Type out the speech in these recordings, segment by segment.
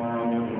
الشيطان الرجيم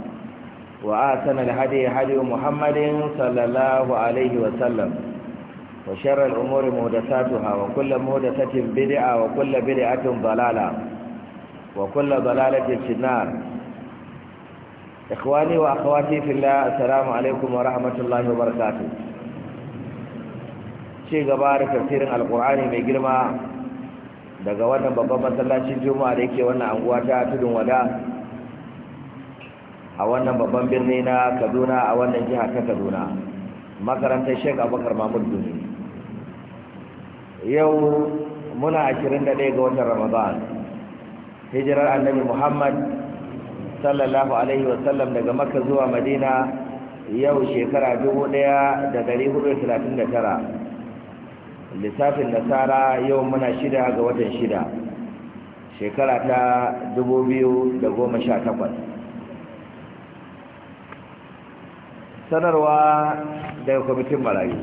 وآتن الهدي هدي محمد صلى الله عليه وسلم وشر الأمور مهدساتها وكل مهدسة بدعة وكل بدعة ضلالة وكل ضلالة في النار إخواني وأخواتي في الله السلام عليكم ورحمة الله وبركاته شيء غبار تفسير القرآن من جرمى daga wannan babban masallacin juma'a da yake wannan anguwa ta tudun wada a wannan babban birni na kaduna a wannan jiha ta kaduna makarantar sheik abubakar mahmud ne. yau muna 21 ga watan ramadan hijirar annabi muhammad sallallahu alaihi wasallam daga makka zuwa madina yau shekara 1439 lissafin nasara yau muna shida ga watan shida shekara ta 2018 sanarwa daga kwamitin marayu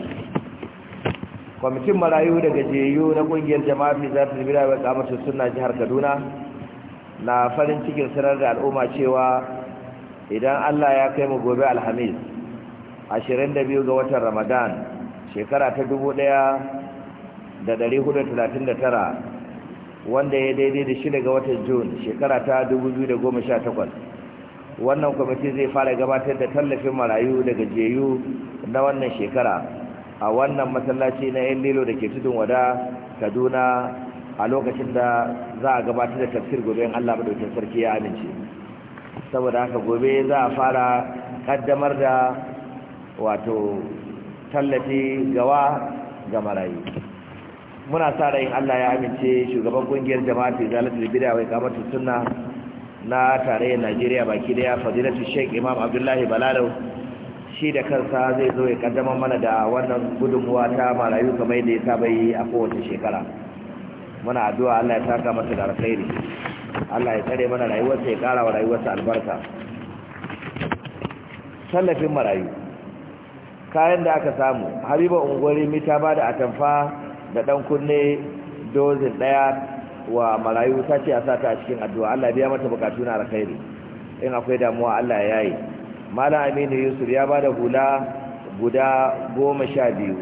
kwamitin marayu daga jeyu na kungiyar jama'a fi za ta zubira wa kamata suna jihar kaduna na farin cikin sanar da al'umma cewa idan allah ya kai mu gobe alhamis 22 ga watan ramadan shekara ta 1439 wanda ya daidai da shida ga watan Jun shekara ta 2018 wannan kwamiti zai fara gabatar da tallafin marayu daga jeyu na wannan shekara a wannan masallaci na yan lilo da ke tudun wada kaduna a lokacin da za a gabatar da tafsir gobe in allah madaukin sarki ya amince saboda haka gobe za a fara ƙaddamar da wato tallafi gawa ga marayu muna sa rai Allah ya amince shugaban ƙungiyar jama'a fi zalatul bidawai kamar iqamatus na tare najeriya baki daya fadilatu sheikh imam abdullahi balalau shi da kansa zai zo ya kaddama mana da wannan gudunmuwa ta marayu kamar da ya saba yi a kowace shekara muna addu'a Allah ya saka masa da alkhairi Allah ya tsare mana rayuwarsa ya kara wa rayuwarsa albarka tallafin marayu kayan da aka samu habiba ungwari mita ba da atamfa da dan kunne dozin daya wa marayu ta ce a sata a cikin addu'a Allah biya mata bukatu na alkhairi in akwai damuwa Allah ya yi malam aminu yusuf ya bada hula guda goma sha biyu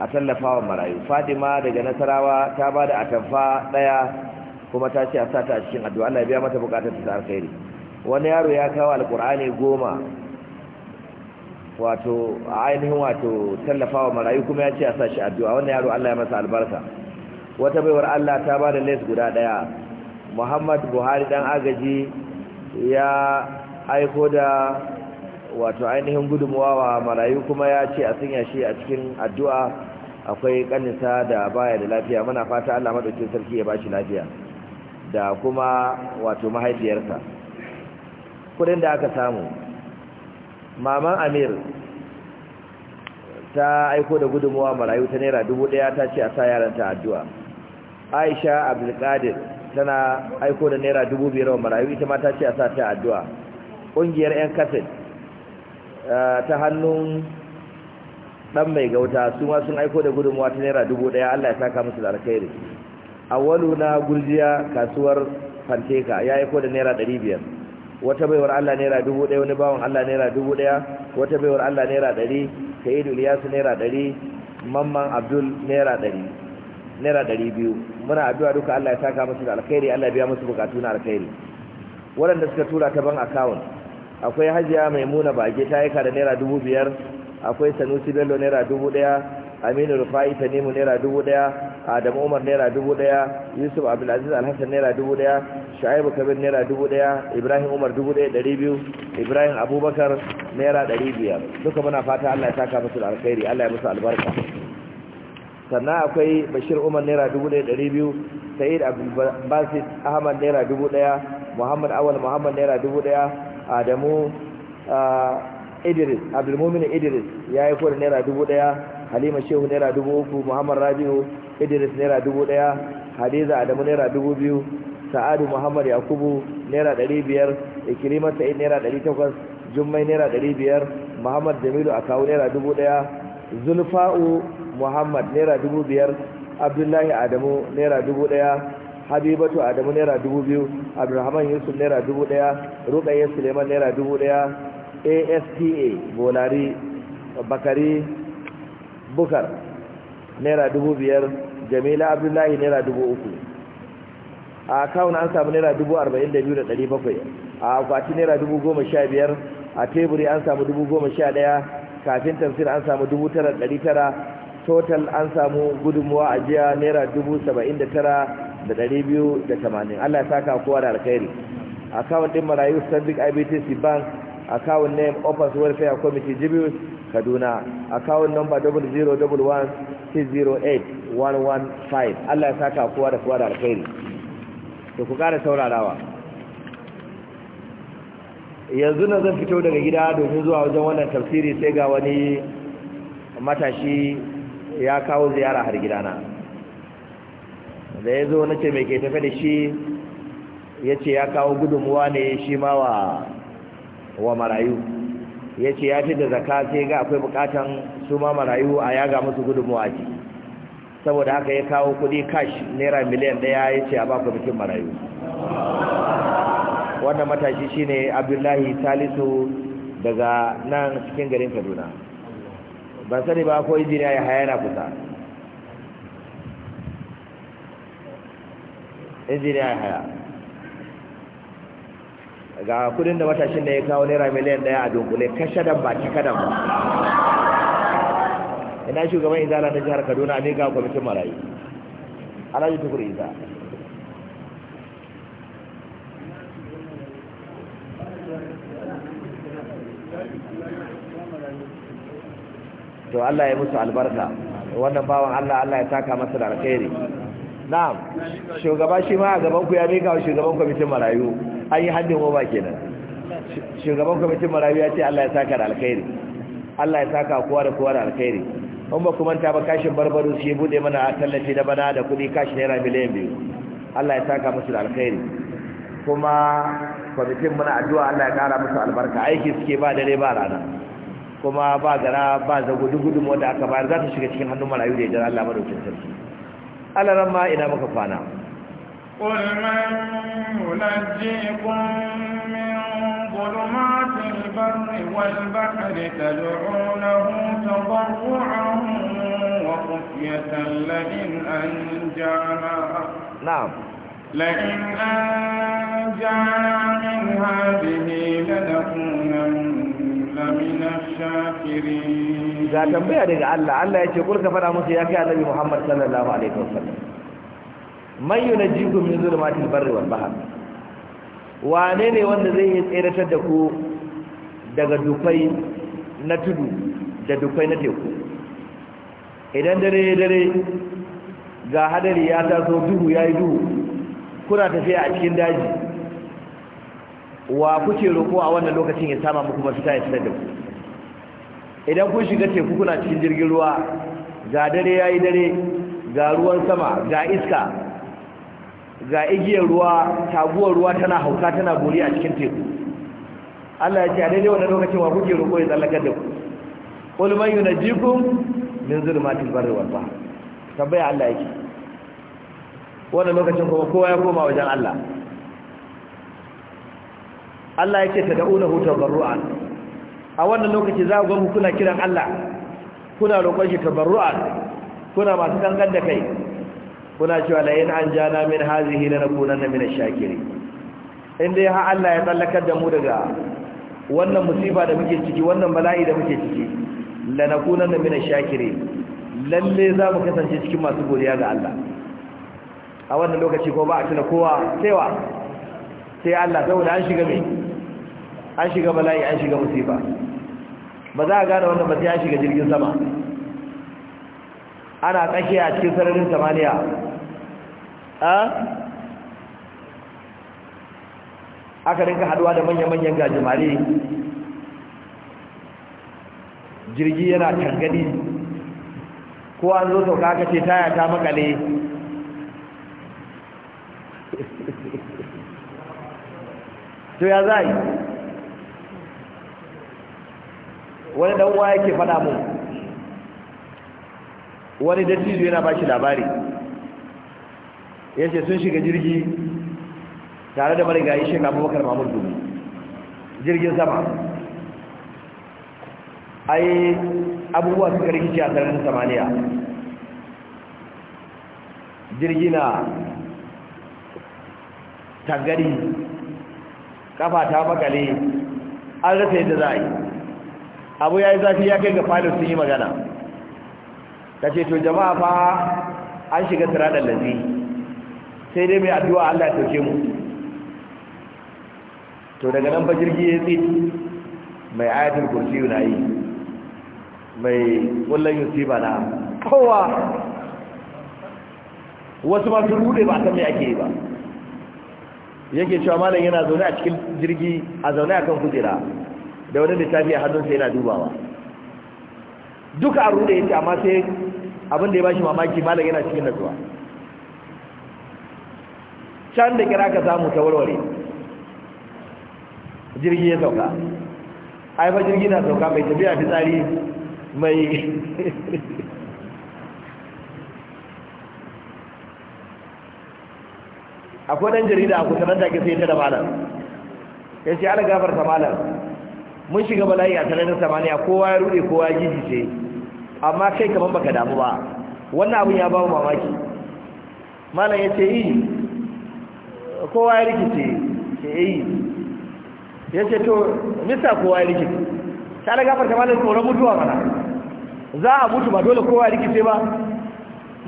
a tallafawa marayu fatima daga nasarawa ta bada atamfa daya kuma ta ce a sata a cikin addu'a Allah biya mata bukatu ta alkhairi wani yaro ya kawo alkur'ani goma wato a ainihin wato tallafawa marayu kuma ya ce a sa shi addu'a wannan yaro Allah ya masa albarka wata baiwar Allah ta ba da les guda ɗaya. Muhammad Buhari dan agaji ya aiko da wato ainihin gudunmuwa wa marayu kuma ya ce a sanya shi a cikin addu'a akwai kaninsa da baya da lafiya muna fata Allah madaukakin sarki ya ba shi lafiya da kuma wato mahaifiyarsa kudin da aka samu maman amir ta aiko da gudunmuwa marayu ta naira dubu ɗaya ta ce a sa yaranta addu'a aisha abdulkadir tana aiko da naira dubu biyar wa marayu ita ma ta ce a sa ta addu'a ƙungiyar 'yan kaset eh, ta hannun ɗan mai gauta su ma sun aiko da gudunmuwa ta naira dubu ɗaya allah ya saka musu da alkhairi awalu na gurjiya kasuwar fanteka ya aiko da naira ɗari biyar wata baiwar allah naira dubu ɗaya wani bawan allah naira dubu ɗaya wata baiwar allah naira ɗari sa'idu ilyasu naira ɗari mamman abdul naira ɗari naira ɗari biyu muna addu'a duka Allah ya saka musu da alkhairi Allah ya biya musu bukatu na alkhairi waɗanda suka tura ta ban account akwai hajiya maimuna bage ta yi da naira dubu biyar akwai sanusi bello naira dubu ɗaya aminu rufai tanimu naira dubu ɗaya adamu umar naira dubu ɗaya yusuf Al alhassan naira dubu ɗaya kabir naira dubu ɗaya ibrahim umar dubu ɗaya ɗari biyu ibrahim abubakar naira ɗari biyar duka muna fata allah ya saka musu da alkhairi allah ya musu albarka sannan akwai bashir umar naira dubu ɗaya ɗari biyu sa'id basit ahmad naira dubu ɗaya muhammad awal muhammad naira dubu ɗaya adamu eh, idris abdulmumin idris ya yi kuwa naira dubu ɗaya halima shehu naira dubu uku muhammad rabiu idris naira dubu ɗaya hadiza adamu naira dubu biyu sa'adu muhammad yakubu naira ɗari biyar ikirima sa'id naira ɗari takwas jummai naira ɗari biyar muhammad jamilu akawu naira dubu ɗaya zulfa'u muhammad naira dubu biyar abdullahi adamu naira dubu ɗaya habibatu adamu naira dubu biyu abdulrahman yusuf naira dubu ɗaya Rukayya, suleiman naira dubu ɗaya Asta, bolari bakari bukar naira dubu biyar jamila abdullahi naira dubu uku a kawun an samu naira dubu arba'in da biyu da ɗari bakwai a akwati naira dubu goma sha biyar a teburi an samu dubu goma sha ɗaya kafin tamsir an samu dubu tara ɗari tara total an samu gudunmuwa a jiya naira dubu saba'in da tara da ɗari biyu da tamanin allah ya saka kowa da alkhairi akawun ɗin marayu stanbic ibtc bank akawun name offers welfare committee jibius kaduna akawun number double zero double one six zero eight one one five allah ya saka kowa da kowa da alkhairi to ku kara saurarawa yanzu na zan fito daga gida domin zuwa wajen wannan tafsiri sai ga wani matashi ya kawo ziyara har gidana da ya zo na ce mai ke tafi da shi ya ce ya kawo gudunmuwa ne shi ma wa marayu ya ce ya fi da zaka sai ga akwai bukatan su ma marayu a yaga musu gudunmuwa ce saboda haka ya kawo kudi kash naira miliyan daya ya ce a ba kwamitin marayu wannan matashi shine abdullahi salisu daga nan cikin garin kaduna ba sani ba ko izini ya haya hayana kusa izini ya haya ga kudin da matashin da ya kawo naira miliyan daya a dunkule kashe da ba da ba ina shugaban izala na jihar kaduna a ga kwamitin marayu alhaji tukur isa Thank you. to Allah ya musu albarka wannan bawan Allah Allah ya taka masa da alkhairi na'am shugaba shi ma a gaban ku ya mika wa shugaban kwamitin marayu an yi haddin ba kenan shugaban kwamitin marayu ya ce Allah ya taka da alkhairi Allah ya taka kowa da kowa da alkhairi in ba kuma ta ba kashin barbaro shi bude mana tallafi da bana da kuɗi kashi naira miliyan biyu Allah ya taka musu da alkhairi kuma kwamitin muna addu'a Allah ya kara musu albarka aiki suke ba dare ba rana kuma ba gara ba zago duk gudunmu da aka bayar za ta shiga cikin hannun malayu da idan Allah ba madaukin sarki alaran ma ina muka kwana قل من ينجيكم من ظلمات البر والبحر تدعونه تضرعا وخفية لئن أنجانا نعم لئن أنجانا من هذه لنكونن ga tambaya daga Allah Allah ya ce kul fada musu ya kai annabi Muhammad sallallahu alaihi wasallam man yunajjikum min zulumatil barri wal bahr wane ne wanda zai yi tseratar da ku daga dukai na tudu da dukai na teku idan dare dare ga hadari ya taso duhu yayi duhu kuna tafiya a cikin daji wa kuke roƙo a wannan lokacin ya sama muku mafita ya fitar da ku idan kun shiga teku kuna cikin jirgin ruwa ga dare ya yi dare ga ruwan sama ga iska ga igiyar ruwa taguwar ruwa tana hauka tana buri a cikin teku Allah ya ce a daidai wannan lokacin wa kuke roƙo ya tsallakar da ku qul man yunajjikum min zulmatil barri wal bahr tabbaya Allah yake wannan lokacin kuma kowa ya koma wajen Allah Allah yake tad'unahu tabarru'an a wannan lokaci za ku ga kuna kiran Allah kuna roƙon shi tabarru'an kuna masu kankan da kai kuna cewa la in anjana min hazihi lanakunanna min ash shakiri? inda ya ha Allah ya tsallakar da mu daga wannan musiba da muke ciki wannan bala'i da muke ciki lanakunanna min ash shakiri, lalle za mu kasance cikin masu godiya ga Allah a wannan lokaci ko ba a tuna kowa sai wa sai Allah saboda an shiga mai an shiga bala'i an shiga musifa ba za a gane wanda ba sai an shiga jirgin sama ana tsakiya a cikin sararin samaniya aka rinka haduwa da manya-manyan gajimare jirgi yana tangadi ko an zo sauka aka ce taya ta makale to ya za yi wani dan uwa yake faɗa mun wani dattijo yana ba shi labari ya sun shiga jirgi tare da marigayi ga abubakar mamun dubu jirgin sama ai abubuwa suka rikici a tsarin samaniya jirgi na tangari kafa ta bakale an rasa yadda za a yi abu ya yi zafi ya kai ga falis sun yi magana ka ce to jama'a fa an shiga tiradar lazi sai dai mai addu'a allah ya tauke mu to daga nan ba jirgi ya tsit mai ayatul kursi na yi mai kullum ba na kowa wasu masu rude ba san me ake yi ba yake cewa malin yana zaune a cikin jirgi a zaune a kan kujera da wani littafi a hannunsa yana dubawa duka a rude yake amma sai abin da ya bashi mamaki malam yana cikin nasuwa can da kira ka samu ta warware jirgi ya sauka haifar jirgi na sauka mai tafiya fitsari mai akwai ɗan jarida a kusa nan ake sai ta da malam ya ce ana gafarta malam mun shiga bala'i a sanarin samaniya kowa ya rude kowa ya ce amma kai kamar baka damu ba wannan abin ya ba mu mamaki malam ya ce yi kowa ya rikice ce yi ya ce to mista kowa ya rikice ta daga gafarta malam tsoron mutuwa mana za a mutu ba dole kowa ya rikice ba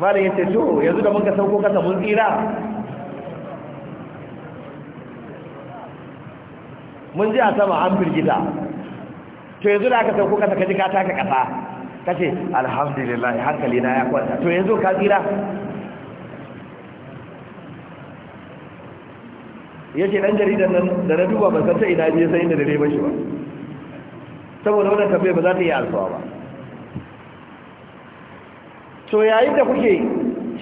malam ya ce to yanzu da mun ka sauko kasa mun tsira mun ji a sama an firgita to yanzu da aka sauko kasa kaji ka taka kasa ka ce alhamdulillah hankali na ya kwanta to yanzu ka tsira yake dan jaridan nan da na duba ban san ta ina je sai inda dare ba shi ba saboda wannan tambayar ba za ta yi alfawa ba to yayin da kuke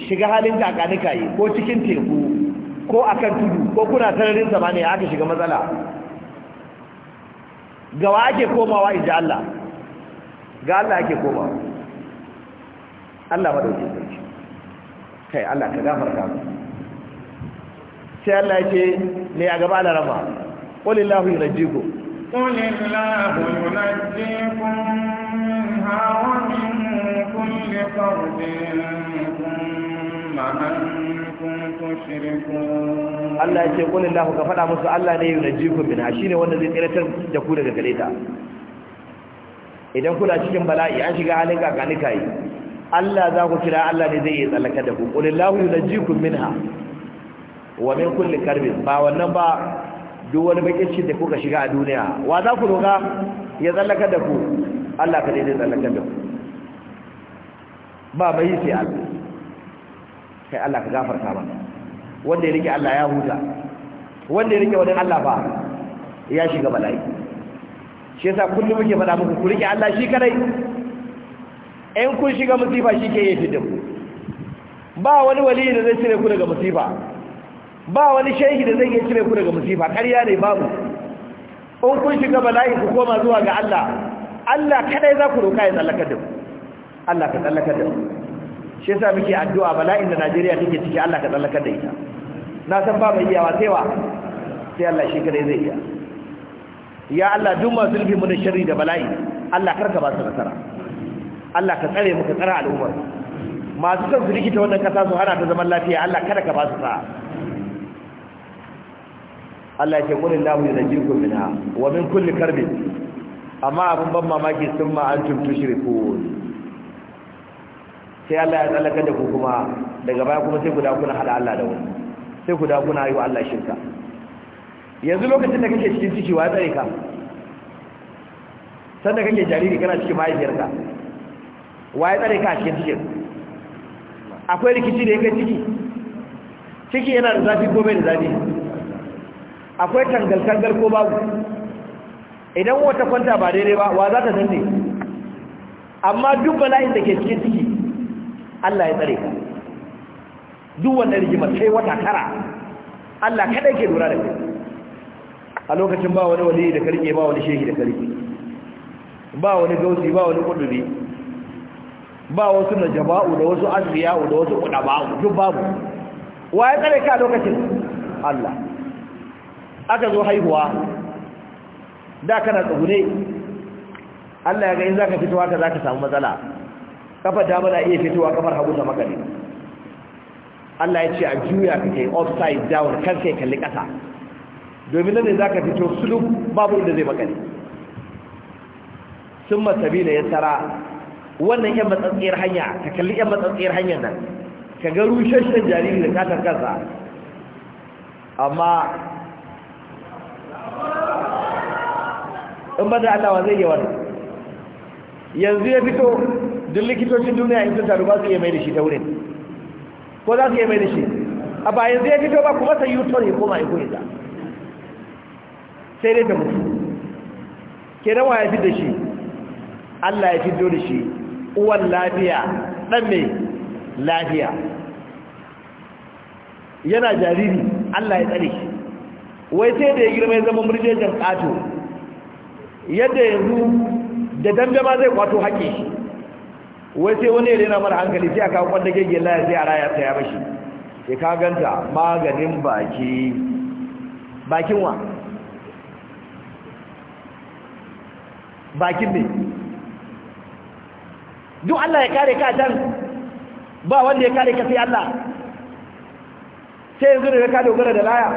shiga halin kakanika yi ko cikin teku ko akan tudu ko kuna tararin zamani aka shiga matsala ga wa ake komawa ije Allah ga Allah ake komawa Allah dauke sarki kai Allah ka gafarta mu sai Allah yake ne a gaba da rama qul illahu yunjiku qul illahu yunjikum minha wa min kulli karbin Allah ya ce kulin lahu ka faɗa musu Allah ne yi najikun min shi ne wanda zai tsiratar da ku daga gare ta idan kuna cikin bala'i an shiga halin kakanika yi Allah za ku kira Allah ne zai yi tsallaka da ku kulin lahu yi jikun min ha wa min kulli karbin ba wannan ba duk wani bakin shi da kuka shiga a duniya wa za ku roƙa ya tsallaka da ku Allah ka ne zai tsallaka da ku ba mai sai Allah kai Allah ka gafarta ba. wanda ya rike Allah ya huta wanda ya rike wani Allah ba ya shiga bala'i shi yasa kullum muke faɗa muku ku rike Allah shi kadai in kun shiga musifa shi ke yi ku ba wani wali da zai cire ku daga musifa ba wani shehi da zai iya cire ku daga musifa ƙarya ne babu in kun shiga bala'i ku koma zuwa ga Allah Allah kadai za ku roka ya tsallakar da ku Allah ka tsallakar da ku shi yasa muke addu'a bala'in da Najeriya take ciki Allah ka tsallakar da ita na san ba mai iyawa sai sai Allah shi kadai zai iya ya Allah duk masu zulmi mu da sharri da bala'i Allah kar ka ba su nasara Allah ka tsare mu ka tsara al'ummar masu son su rikita wannan kasa su hana ta zaman lafiya Allah kada ka ba su sa'a Allah ya ce qul lahu yunjikum minha wa min kulli karbin amma abun ban mamaki sun ma antum tushrikun sai Allah ya tsallaka da ku kuma daga baya kuma sai ku da kuna hada Allah da wani sai ku da kuna yi wa Allah shirka yanzu lokacin da kake cikin ciki wa tsare ka sanda kake jariri kana cikin mahaifiyarka wa ya tsare ka cikin cikin akwai rikici da yake ciki ciki yana da zafi ko bai da zafi akwai tangal-tangal ko babu idan wata kwanta ba daidai ba wa za ta danne amma duk bala'in da ke cikin ciki Allah ya tsare ka duk wannan rigimar sai wata tara Allah kada ke lura da kai a lokacin ba wani wali da karke ba wani shehi da karke ba wani gausi ba wani kudubi ba wasu najaba'u da wasu azriya'u da wasu kudaba'u duk babu wa ya tsare ka lokacin Allah aka zo haihuwa da kana tsugune Allah ya ga in zaka fitowa ka zaka samu matsala kafar ta bada iya fitowa kafar hagu ta magani. Allah ya ce a juya ka kai upside down kan sai kalli ƙasa domin nan ne za ka fito sulub babu inda zai magani. sun masabi da ya tara wannan yan matsatsiyar hanya ka kalli yan matsatsiyar hanyar nan ka ga rushashen jariri da katar kansa amma in ba da Allah wa zai yi wani yanzu ya fito duk likitocin duniya in sun taru ba su iya mai da shi ta wurin ko za su iya mai da shi a bayan zai fito ba kuma sai yuton ya koma iko ita sai dai ta mutu Ke wa ya fi da shi Allah ya fito da shi uwan lafiya ɗan mai lafiya yana jariri Allah ya tsare shi wai sai da ya girma ya zama murjejin ƙato yadda yanzu da dambe ma zai kwato haƙe shi wai sai wani yana mana hankali sai aka kwanda gege laya sai a raya ta ya bashi sai ka ganta maganin baki bakin wa bakin ne duk Allah ya kare ka can ba wanda ya kare ka sai Allah sai yanzu da ka dogara da laya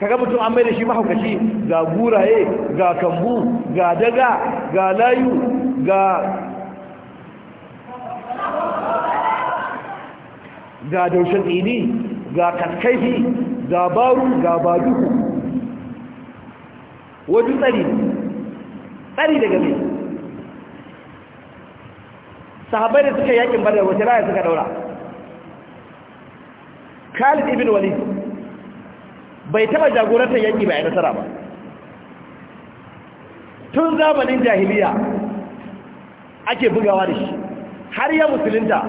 kaga mutum an mai da shi mahaukaci ga guraye ga kambu ga daga ga layu ga ga daushen tsini ga kaskaifi ga baru ga baduku wajen tsari tsari daga mai sahabai da suka yakin bada wace raya suka daura khalid ibn walid bai taba jagorantar yaki bai nasara ba tun zamanin jahiliya ake bugawa da shi har ya musulunta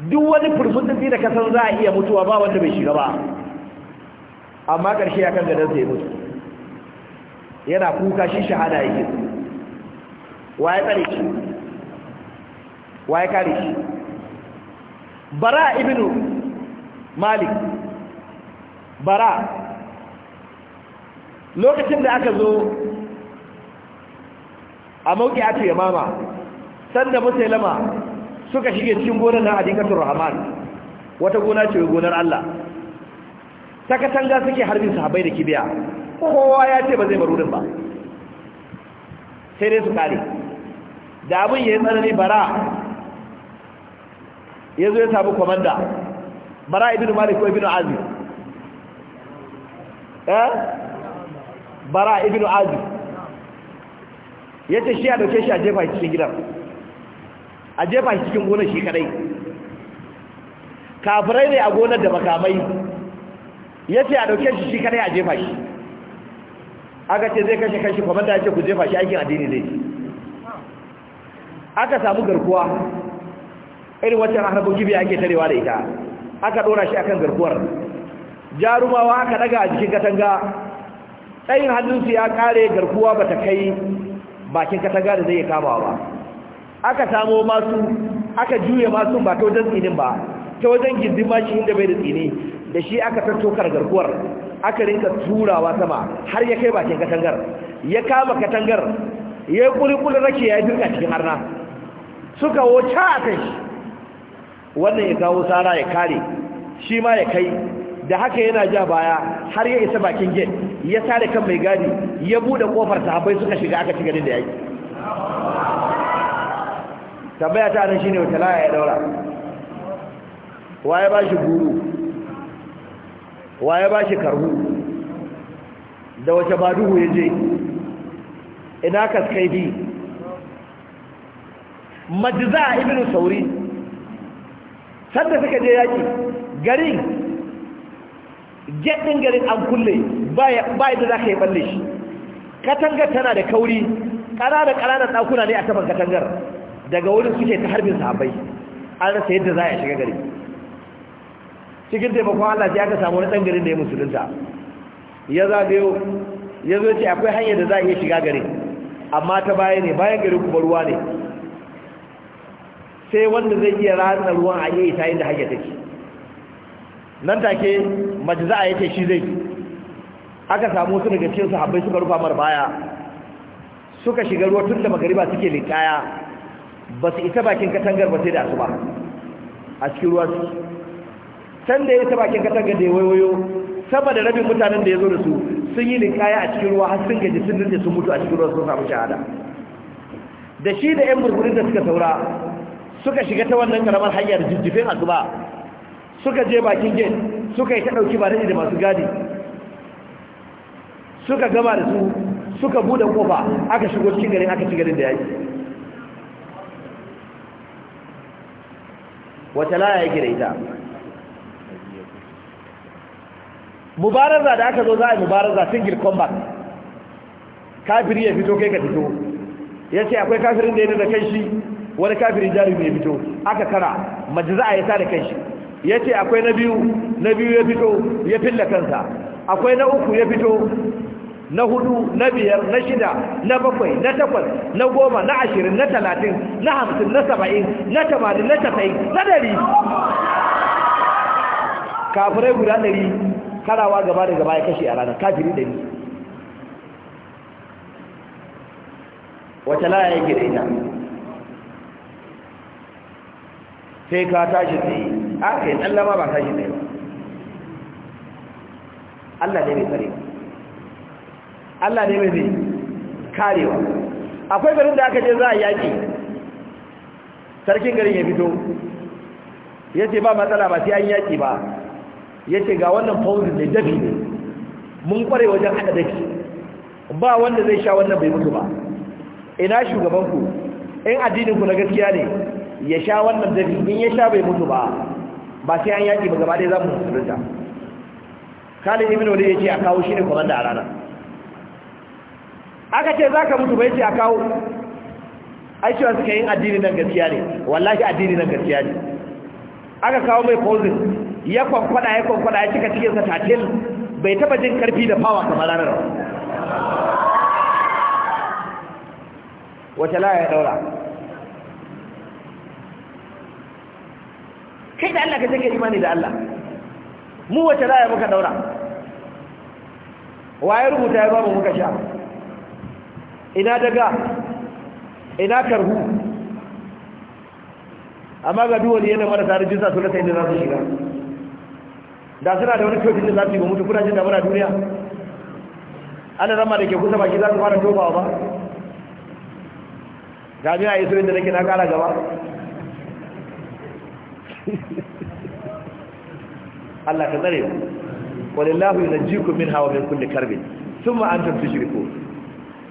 duk wani furfutun da kasan za a iya mutuwa ba wanda bai shiga ba amma ƙarshe ya kan gadon sai mutu yana kuka shi shahada yake waye kare shi waye kare shi bara ibnu malik bara lokacin da aka zo a mauki a ce mama sanda musulama suka shige cikin gonar nan a dinkatul rahman wata gona ce gonar Allah ta katanga suke harbin sahabbai da kibiya kowa ya ce ba zai barurin ba sai dai su kare da abin ya yi tsanani bara ya zo ya samu kwamanda bara Ibnu malik ko Ibnu azim eh bara Ibnu azim ya ce shi ya dauke shi a jefa cikin gidan a jefa shi cikin gonar shi kadai kafirai ne a gonar da makamai ya ce a dauke shi shi kadai a jefa shi aka ce zai kashe kashi kwamanda ya ce ku jefa shi aikin addini ne. aka samu garkuwa irin wacce harabin gibi ake tarewa da ita aka dora shi akan garkuwar jarumawa aka daga a jikin katanga tsayin hannunsu ya kare garkuwa ba ta kai bakin katanga da zai kama ba aka samo masu aka juya masu ba ta wajen tsinin ba ta wajen gindin shi inda bai da tsini da shi aka tattokar garkuwar aka rinka turawa sama har ya kai bakin katangar ya kama katangar ya yi rake ya yi cikin harna suka wuce a kai wannan ya kawo tsara ya kare shi ma ya kai da haka yana ja baya har ya isa bakin gate ya sare kan mai gadi ya bude kofar sahabbai suka shiga aka ci gani da yaki tambaya ta nan shine wata laya ya daura waye ba shi guru waye ba shi karhu da wace ba duhu ya je ina kaskaibi majza ibnu sauri sanda suka je yaki garin gedin garin an kulle ba yadda za ka yi balle shi katangar tana da kauri ƙana da ƙananan ɗakuna ne a saman katangar daga wurin suke ta harbin sahabbai an rasa yadda za a shiga gari cikin taimakon Allah sai aka samu wani ɗan garin da ya musulunta ya zagayo ya zo ce akwai hanyar da za a iya shiga gari, amma ta baya ne bayan gari kuma ruwa ne sai wanda zai iya ratsa ruwan a iya isa inda ta take nan take mace za a ce shi zai aka samu su daga cikin sahabbai suka rufa mar baya suka shiga ruwa tun da magariba suke linkaya ba su isa bakin katangar ba sai da asuba a cikin ruwa su can da ya isa bakin katangar da ya waiwayo sama da rabin mutanen da ya zo da su sun yi linkaya a cikin ruwa har sun gaji sun rinje sun mutu a cikin ruwa sun samu shahada da shi da yan burburin da suka saura suka shiga ta wannan karamar hanyar jijjifin asuba suka je bakin gate suka yi ta ɗauki ba da masu gadi suka gama da su suka buɗe ƙofa aka shigo cikin garin aka ci garin da yaki wata laya yake da ita mubaraza da aka zo za a yi mubaraza single combat kafiri ya fito kai ka fito ya ce akwai kafirin da ya da kan shi wani kafirin jarumi ya fito aka kara za ya yi da kan shi ya ce akwai na biyu na biyu ya fito ya fi kansa akwai na uku ya fito na hudu na biyar na shida na bakwai na takwas na goma na ashirin na talatin na hamsin na saba'in na tamanin na tasai, na dari kafirai guda dari karawa gaba da gaba ya kashe a ranar kafiri dari wata laya yake da ita sai ka tashi tsaye a kai tsallama ba tashi tsaye ba Allah ne mai tsare ba Allah ne mai karewa akwai garin da aka je za a yaƙi sarkin garin ya fito ya ce ba matsala ba sai an yaƙi ba ya ce ga wannan fauzi da dafi ne mun kware wajen haɗa dafi ba wanda zai sha wannan bai mutu ba ina shugabanku in addininku na gaskiya ne ya sha wannan dafi in ya sha bai mutu ba ba sai an yaƙi ba gaba dai za mu musulunta kalin ibn wani ya ce a kawo shi ne kwamanda a ranar aka ce za ka mutu bai ce a kawo ai cewa suka yin addini nan gaskiya ne wallahi addini nan gaskiya ne aka kawo mai kozin ya kwankwada ya kwankwada ya cika cikinsa tatil bai taba jin karfi da fawa kamar ranar wace laya ya daura kai da Allah ka take imani da Allah mu wace laya muka daura waye rubuta ya ba mu muka sha ina daga ina karhu amma ga duwali yana marasa rijista suna rasa inda za su shiga da suna da wani cocin da za su yi ba mutu kuna jin mara duniya ana rama da ke kusa baki za su fara tobawa ba jami'a a yi da nake na kara gaba Allah ka tsare walillahu yunajjikum minha hawa min kulli karbin thumma antum tushrikun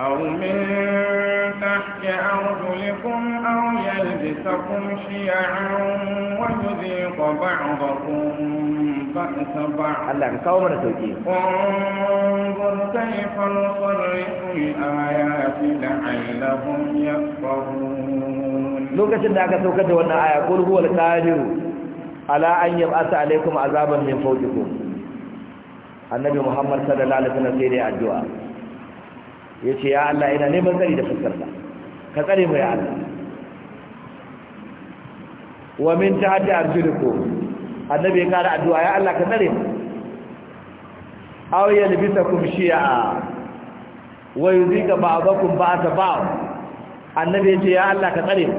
أو من تحت أرجلكم أو يلبسكم شيعا ويذيق بعضكم بأس بعض انظر كيف نصرف الآيات لعلهم يفقهون لوكاشن da aka saukar da wannan aya kul huwal qadir ala an yab'atha alaykum azaban min fawqikum annabi muhammad sallallahu alaihi wasallam sai dai addu'a ya ce ya Allah ina neman tsari da fuskarka ka tsare mu ya Allah wa min ta'ati arjulikum annabi ya kara addu'a ya Allah ka tsare mu aw libisakum shi'a wa yuzika ba'dakum ba'd ba'd annabi ya ce ya Allah ka tsare mu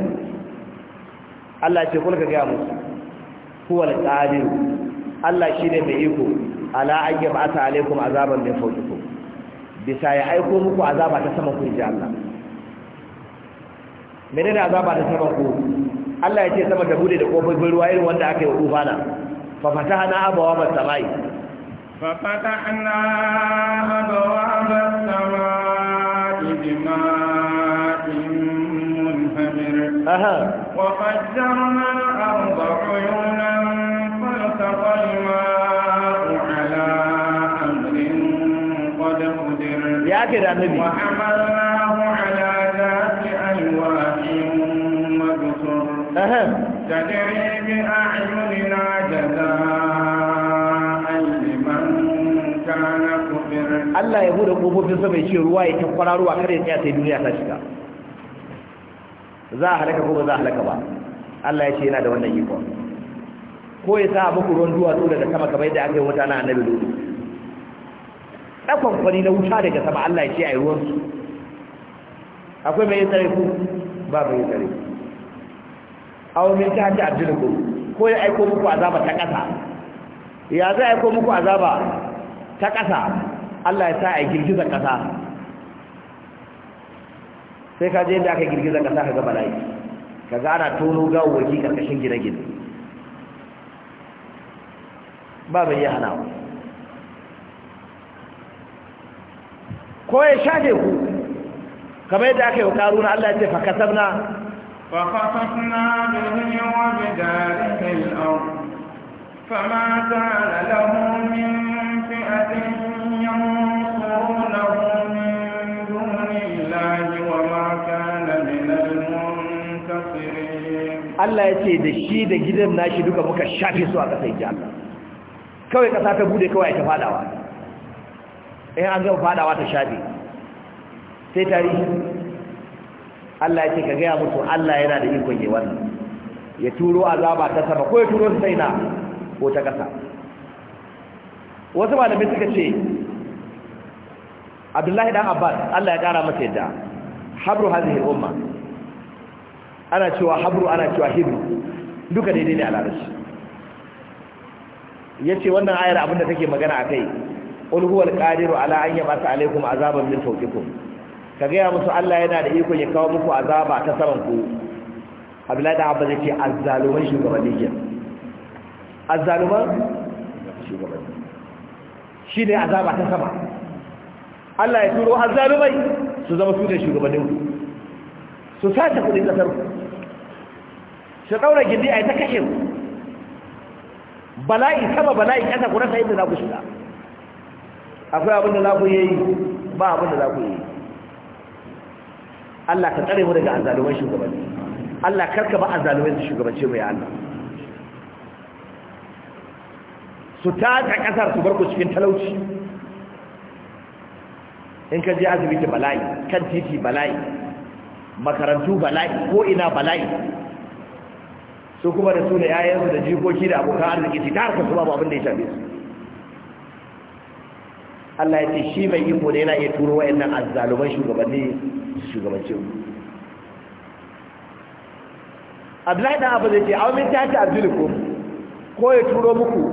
Allah ce kulka ga mu huwal qadir Allah shi ne mai iko ala ayyaba ta alaikum azaban min fawqi bisa ya aiko muku azaba ta sama ku ji Allah menene azaba ta sama ku Allah ya ce sama da bude da kofar ruwa irin wanda aka yi wa tufana fa fatahna abawa samai fa fatahna abawa bima in munhamir aha wa fajjarna al-ardha uyuna aka da annabi allah ya bude لمن كان كفر الله يقول قبوب سبع شيء رواية تقرار sai duniya ta shiga za a halaka ko ba za a halaka ba Allah ya ce yana da wannan ikon ko ya sa muku ruwan duwatsu daga sama kamar yadda aka yi wata na annabi lulu ɗakon kwani na wuta daga sama Allah ya ce a yi ruwansu akwai mai tsare ku ba mai tsare a wani ta hajji ku ko ya aiko muku azaba ta ƙasa ya zai aiko muku azaba ta ƙasa Allah ya sa a girgizar ƙasa sai ka je da aka girgizar ƙasa ka gaba layi. ka ga ana tono gawawaki ƙarƙashin gine-gine ba mai yi hana ko ya shafe ku kamar yadda aka yi ƙaruna Allah ya ce fa kasabna fa kasabna bihi wa bidarihi al-ard fama kana lahu min fi'atin yansurunahu min duni illahi wa ma kana min al-muntasirin Allah ya ce da shi da gidan nashi duka muka shafi su a kasar jihar kawai kasa ta bude kawai ta fadawa in an gaba fadawa ta shafe sai tarihi Allah ya ce ka gaya musu Allah yana da ikon yi wannan ya turo azaba ta sama ko ya turo ta sai na ko ta kasa wasu malamai suka ce Abdullahi dan Abbas Allah ya kara masa yadda habru hadhihi umma ana cewa habru ana cewa hibru duka daidai ne a larabci yace wannan ayar abinda take magana akai qul huwal qadiru ala an yab'atha alaykum azaban min fawqikum ka gaya musu Allah yana da iko ya kawo muku azaba ta saman ku Abdullahi da Abba zai ce azzaluman shugabanni ke azzaluman shugabanni shi ne azaba ta sama Allah ya turo azzalumai su zama su ne shugabannin ku su sace kudin kasar ku su daura gindi a ta kashe ku bala'i sama bala'i kasa ku rasa yadda za ku shiga akwai abin da za ku yi ba abin da za ku yi Allah ka tsare mu daga azalumai shugabanni Allah karka ba azaluman shugabance mai Allah su taka kasar su barku cikin talauci in ka je asibiti bala'i kan titi bala'i makarantu bala'i ko ina bala'i su kuma da su da yayansu da jikoki da abokan arziki ta harkar su babu abin da ya shafi su Allah ya ce shi mai iko ne yana iya turo wayannan azzaluman shugabanni shugabancin Abdullahi dan Abu zai ce a min tahti arjulikum ko ya turo muku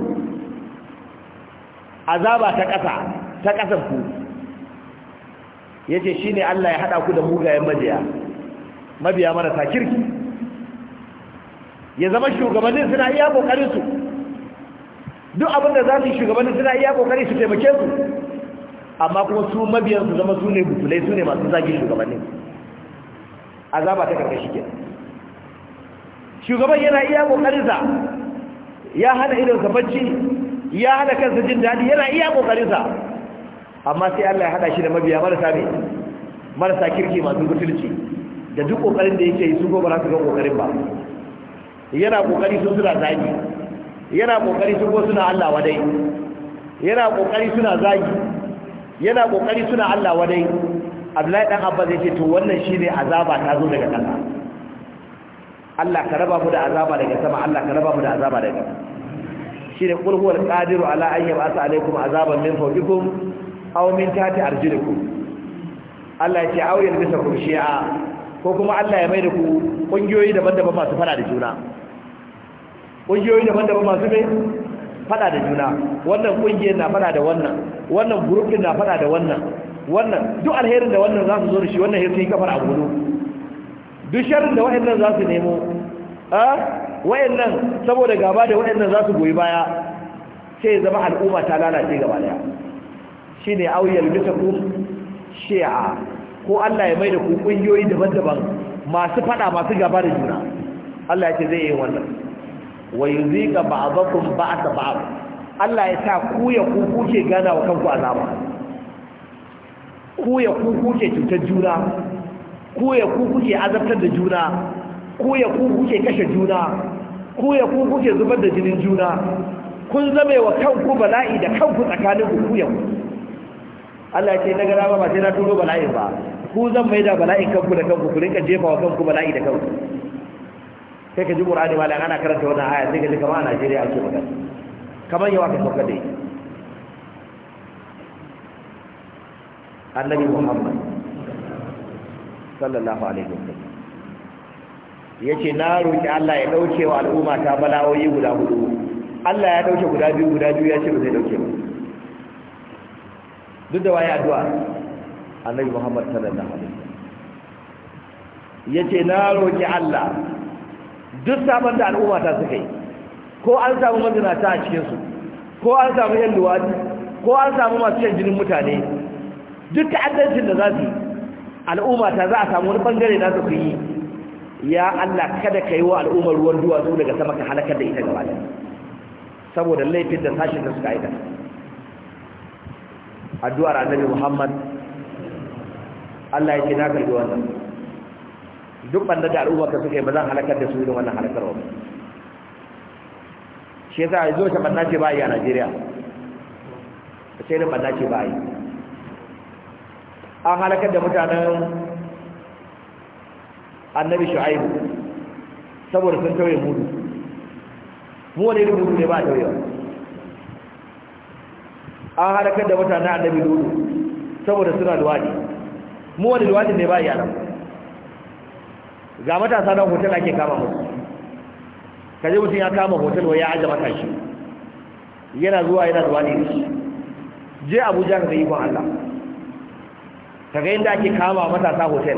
azaba ta ƙasa ta ƙasar ku yace shine Allah ya hada ku da mugayen mabiya mabiya marasa kirki ya zama shugabannin suna iya kokarin su duk abin da za su yi shugabannin suna iya kokarin su taimake su amma kuma su mabiyan su zama su ne butulai su ne masu zagin shugabannin azaba ta karkashi ke shugaban yana iya kokarinsa ya hana idonsa bacci ya hana kansa jin daɗi yana iya kokarinsa amma sai Allah ya hada shi da mabiya marasa ne marasa kirki masu butulci da duk kokarin da yake yi su gobara su ga kokarin ba yana kokari su suna zagi yana kokari su ko suna Allah wadai yana kokari suna zagi yana kokari suna Allah wadai Abdullahi dan Abba zai ce to wannan shine azaba ta zo daga kasa Allah ka raba mu da azaba daga sama Allah ka raba mu da azaba daga kasa shine qul huwal qadiru ala an yab'atha alaykum azaban min fawqikum aw min tahti arjulikum Allah ya ce aw bisa shi'a ko kuma Allah ya maida ku kungiyoyi daban-daban masu fara da juna kungiyoyi daban-daban masu mai fada da juna wannan kungiyar na fada da wannan wannan group na fada da wannan wannan duk alherin da wannan za su zo da shi wannan sai kafar a gudu duk sharrin da wa'annan za su nemo a wayannan saboda gaba da wayannan za su goyi baya sai zama al'umma ta lalace gaba daya shine auyal bisakum shi'a ko Allah ya maida ku kungiyoyi daban-daban masu fada masu gaba da juna Allah ya ce zai yi wannan wa yuzika ba'dakum ba'sa ba'd Allah ya sa ku ya ku kuke gana wa kanku azaba ku ya ku kuke cutar juna ku ya ku kuke azabtar da juna ku ya ku kuke kashe juna ku ya ku kuke zubar da jinin juna kun zame wa kanku bala'i da kanku tsakanin ku ku ya ku Allah ya ce na gara ba sai na turo bala'i ba ku zan mai da bala'in kanku da kanku ku rinka jefa wa kanku bala'i da kanku sai ka ji qur'ani malam ana karanta wannan aya sai ka ji kamar a Najeriya ake magana kamar yawa ka sauka da ita annabi Muhammad sallallahu alaihi wasallam yace na roki Allah ya dauke wa al'umma ta bala'o'i guda hudu Allah ya dauke guda biyu guda biyu yace ba zai dauke ba duk da waye addu'a annabi Muhammad sallallahu alaihi wasallam yace na roki Allah duk sabon da al'umma ta suka yi ko an samu mazinata a cikinsu ko an samu yan luwadi ko an samu masu yan jinin mutane duk ta'addancin da za su yi al'umma ta za a samu wani bangare na su yi ya Allah kada ka yi wa al'ummar ruwan duwatsu daga sama ka halakar da ita gaba saboda laifin da sashin da suka aikata addu'ar annabi Muhammad Allah ya ce na karbi wannan duk banda da al'umma ka suke ba zan halakar da su irin wannan halakar wa shi yasa zo shi banda ce ba yi a Najeriya ta sai da banna ce ba yi an halakar da mutanen annabi shu'aibu saboda sun tauye mudu mu wani irin mudu ne ba a tauye an halakar da mutanen annabi lulu saboda suna luwadi mu wani luwadi ne ba yi a nan ga matasa don hotel ake kama musu ji mutum ya kama hotel wa ya aji matashi yana zuwa yana zuwa ne je abuja ka yi kwan allah ka ga inda ake kama matasa hotel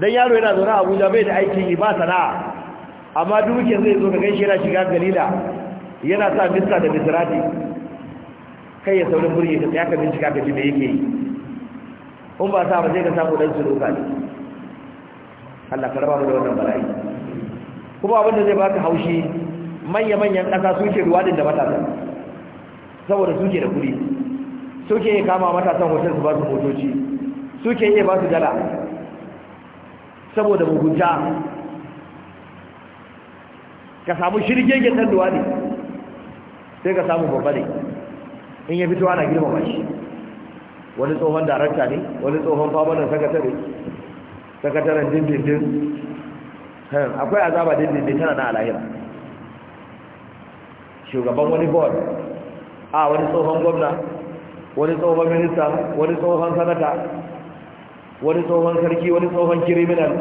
don yaro yana zaune abuja bai da aikin yi ba sana'a amma dukkan zai zo ka gan shi yana shiga galila yana sa mista da misirati kai ya saurin burge ka ya ka bincika ka ji me yake yi in ba sa ba sai ka samu dan su ne Allah ka raba mu da wannan bala'i kuma abin da zai baka haushi manya-manyan ƙasa suke ruwadin da matasa saboda suke da kuɗi suke yi kama matasan hotel su ba su motoci suke yi ba su dala saboda mugunta ka samu shirgegen ɗan ruwadi sai ka samu babba ne in ya fito ana girmama shi wani tsohon darakta ne wani tsohon fabanin sakatare sakataren dindindin akwai azaba dindindin tana na alahira shugaban wani board a wani tsohon gwamna wani tsohon minista wani tsohon sanata wani tsohon sarki wani tsohon kiriminal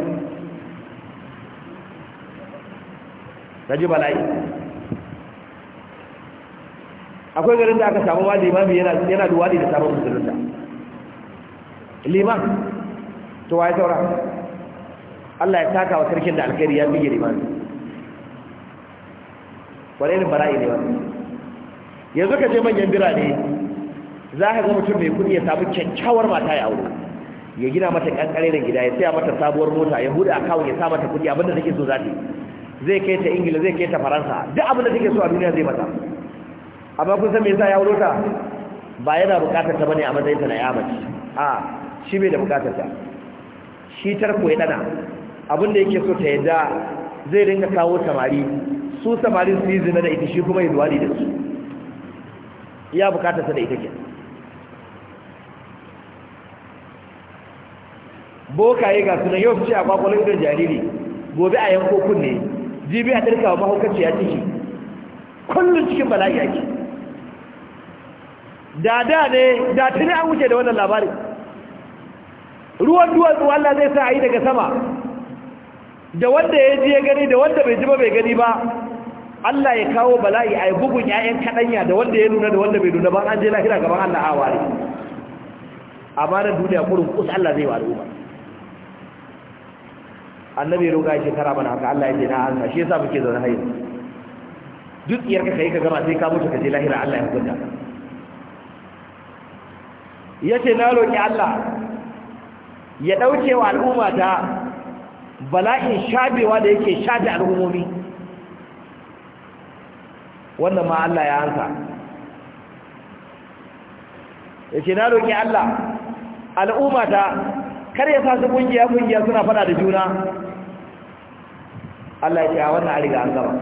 na ji bala'i akwai garin da aka samu wani limami yana duwali da samun musulunta liman to wa ya saura Allah ya taka wa sarkin da alkhairi ya bige limani wani ne bara'i ne wani yanzu ka je manyan birane za ka ga mutum mai kuɗi ya samu kyakkyawar mata ya aure ya gina mata da gida ya saya mata sabuwar mota ya huda akawun ya sa mata kuɗi abinda take so za ta zai kai ta ingila zai kai ta faransa duk abinda take so a duniya zai mata amma kun san me yasa ya aure ta ba yana bukatar ta bane a matsayin ta na yamaci a shi bai da bukatar ta shi tarko ya dana abin da yake so ta yadda zai ringa kawo samari su samari su yi zina da ita shi kuma yi duwali da su Ya bukata ta da ita ke bokaye ga suna yau ce a kwakwalon da jariri gobe a yanko kunne jibi a tarkawa mahaukaci ya ciki kullum cikin bala'i ake. da da ne da tuni an wuce da wannan labarin ruwan duwatsu Allah zai sa a yi daga sama da wanda ya ji ya gani da wanda bai ji ba bai gani ba Allah ya kawo bala'i a bugun ƴaƴan kadanya da wanda ya nuna da wanda bai nuna ba an je lahira gaban Allah a ware amma na duniya kurin kus Allah zai wari ba annabi ya roga shi tara bana haka Allah ya ce na ansa shi yasa muke zaune hayin duk iyar ka kai ka gama sai ka mutu ka je lahira Allah ya hukunta yace na roki Allah ya dauke wa al'umma ta bala'in shabewa da yake shafe al'ummomi wannan ma Allah ya hansa ya ce na roƙi Allah al'ummata kar ya sasu ƙungiya-ƙungiya suna fada da juna Allah ya ce a wannan ariga an gaba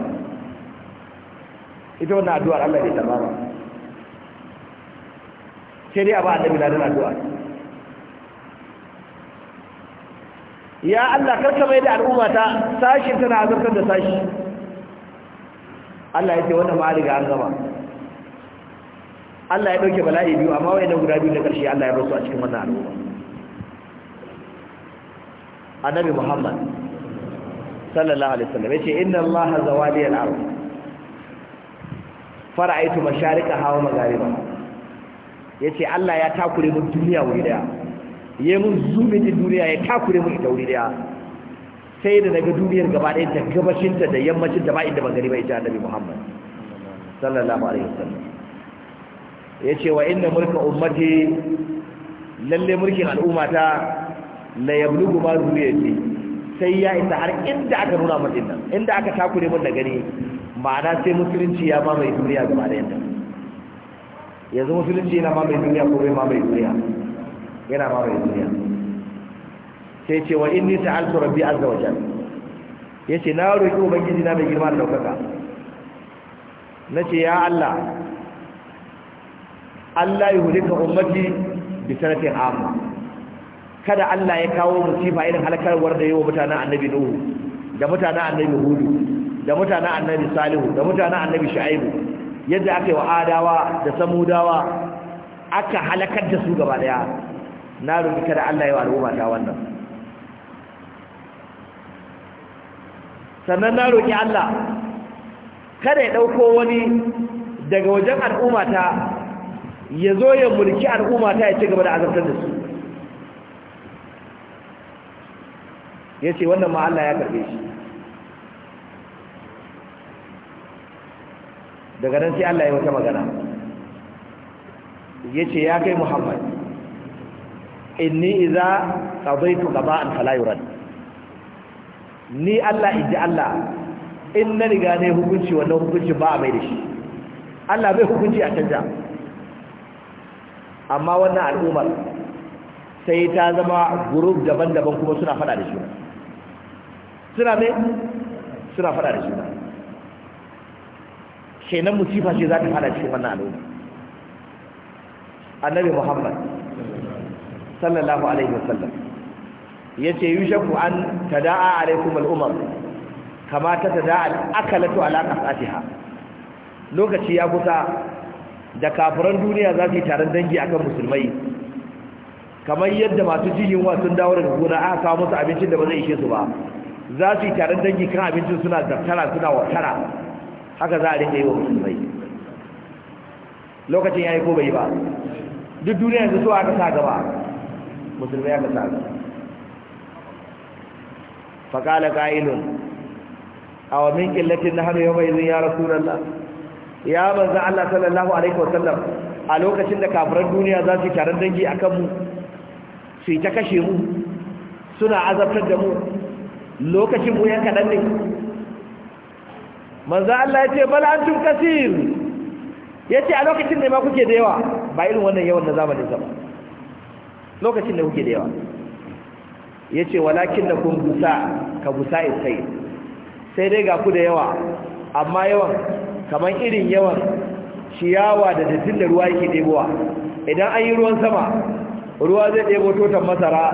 ita wannan addu'ar Allah ce ta ba sai dai a ba ɗabi ladan addu'ar ya Allah karka mai da al'umma ta sashi tana azurkar da sashi Allah ya ce wannan ma riga an gama Allah ya dauke bala'i biyu amma wayannan guda biyu na karshe Allah ya rasu a cikin wannan al'umma Annabi Muhammad sallallahu alaihi wasallam yace inna Allah zawali al ard fara'aytu mashariqaha wa magharibaha yace Allah ya takure mu duniya wuri daya ya mun zume ta duniya ya takure mun ita wuri daya sai da daga duniyar gaba ɗaya da gabashinta da yammacin da ba inda ba gari ba ita annabi muhammad sallallahu alaihi wasallam ya ce wa inna mulka ummati lalle mulkin ta la yablugu ma zuriyati sai ya isa har inda aka nuna mun dinnan inda aka takure mun da gani ma'ana sai musulunci ya mamaye duniya gaba ɗaya yanzu musulunci yana mamaye duniya ko bai mamaye duniya yana mamaye duniya sai ce wa inni sa'altu rabbi azza wa jalla yace na roki ubangiji na mai girma da daukaka nace ya Allah Allah ya hulika ummati bi sanatin amma kada Allah ya kawo musiba irin halakarwar da yawa mutanen annabi Nuhu da mutanen annabi Hudu da mutanen annabi Salihu da mutanen annabi Shu'aibu yadda aka yi wa Adawa da Samudawa aka halakar da su gaba daya na rubuta da Allah ya wa al'umma ta wannan sannan na roƙi Allah kada ya ɗauko wani daga wajen al'umma ta ya zo ya mulki al'umma ta ya ci gaba da azabtar da su ya ce wannan ma Allah ya karbe shi daga nan sai Allah ya wata magana ya ce ya kai Muhammad inni iza qadaytu qada'an fala yurad ni Allah idda Allah in na riga ne hukunci wannan hukunci ba a mai da shi Allah bai hukunci a canja amma wannan al'ummar sai ta zama group daban-daban kuma suna fada da shi suna mai suna fada da shi kenan musifa ce za ta fada cikin wannan al'umar annabi muhammad sallallahu alaihi wasallam yace yushaku an tada'a alaikum al-umam kama ta tada'a akalatu ala qasatiha lokaci ya kusa da kafiran duniya za su yi taron dangi akan musulmai kamar yadda masu jihin wa sun dawo daga gona aka kawo musu abincin da ba zai ishe su ba za su yi taron dangi kan abincin suna zartara suna watara haka za a rinke yi wa musulmai lokacin ya yi ko bai ba duk duniya yanzu so aka sa gaba Musulmi aka sa gaba fakala ka'ilun a wa min ƙillacin na hannu yau mai zun ya na ya manzan Allah sallallahu alaihi wasallam a lokacin da kafiran duniya za su yi taron dangi a kanmu su yi ta kashe mu suna azabtar da mu lokacin mu yanka kaɗan ne manzan Allah ya ce bal'antun kasir ya ce a lokacin da ma kuke da yawa ba irin wannan yawan na zamanin zama lokacin da kuke da yawa ya ce walakin da kun gusa ka gusa isai sai dai ga ku da yawa amma yawan kamar irin yawan ciyawa da dattin da ruwa yake debowa idan an yi ruwan sama ruwa zai debo totan masara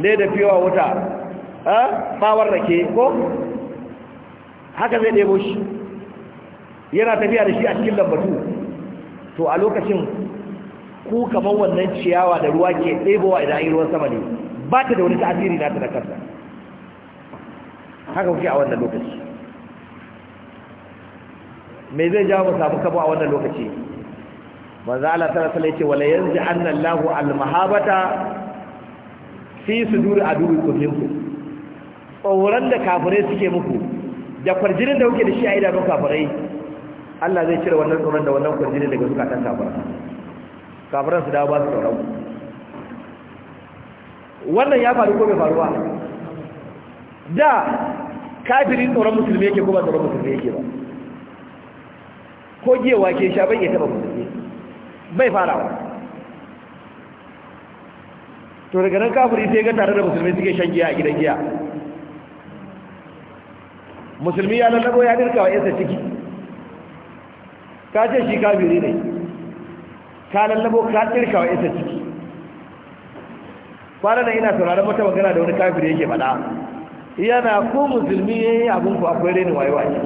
ne da fiwa wuta bawar rake ko haka zai ɗebo shi yana tafiya da shi a cikin lambatu to a lokacin ku kamar wannan ciyawa da ruwa ke ɗebowa idan yi ruwan sama ne ba ta da wani ta'asiri na ta da kansa haka kuke a wannan lokaci me zai jawo mu samu kabo a wannan lokaci manzo Allah sallallahu alaihi wasallam ya ce wala yanzu al mahabata fi suduri ku. minkum tsoron da kafirai suke muku da kwarjinin da kuke da shi a idanun kafirai Allah zai cire wannan tsoron da wannan kwarjinin daga zukatan kafirai kafiran su dawo ba su tauraro. wannan ya faru ko bai faruwa da kafirin tsoron musulmi yake ko ba tsoron musulmi yake ba ko gewa ke sha bai taba musulmi bai farawa to daga nan kafiri sai ga tare da musulmi suke shan giya a gidan giya musulmi ya lallabo ya dirka wa yansa ciki ka ce shi kafiri ne ka lallabo ka tsirka wa isa ciki kwanan nan ina sauraron mata magana da wani kafir yake faɗa yana ko musulmi ya yi abin ku akwai renin wayewa ne.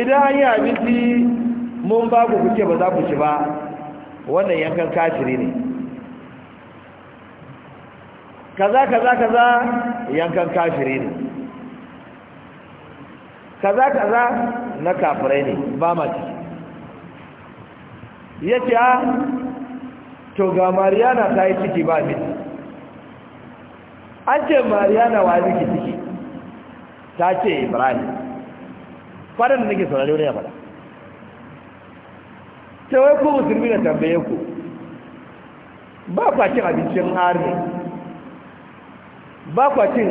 idan an yi abinci mun ba ku kuke ba za ku ci ba wannan yankan kafiri ne kaza kaza kaza yankan kafiri ne kaza kaza na kafirai ne ba ma ciki ya ce a ah, to ga mariana ta yi ciki ba ne an ce mariana wa miki ciki ta ce ibrahim fadar da nake saurari wani ya fada ta wai ku musulmi na tambaye ku ba kwacin abincin har ne ba kwacin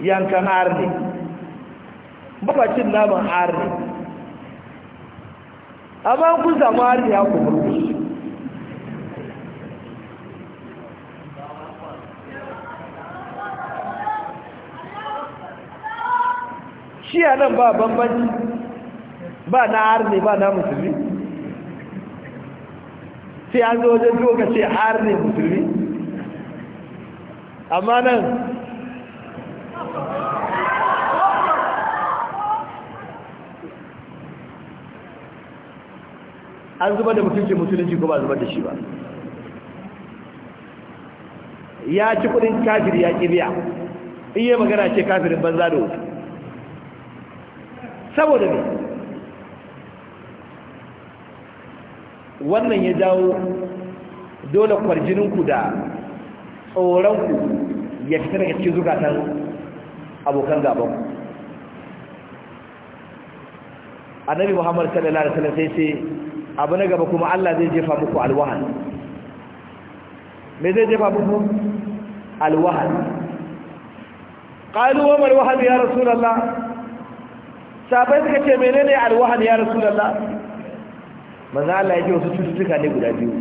yankan har ne ba kwacin naman har ne amma ku zama harshe ya ku murmushi shi a nan ba bambanci ba na ne ba na musulmi sai an zo wajen duka ce arne musulmi amma nan an zubar da mutunci musulunci ko ba zubar da shi ba ya ci kudin kafir ya kibiya iya magana ce kafirin banza da wuce saboda ne wannan ya jawo dole kwarjininku da tsoronku ya fita daga cikin zukatan abokan gaban annabi muhammad sallallahu alaihi wasallam sai sai abu na gaba kuma Allah zai jefa muku alwahan me zai jefa muku alwahan qalu wa mal wahan ya rasulullah sabai suka ce menene alwahan ya rasulullah manzo Allah ya wasu cututtuka ne guda biyu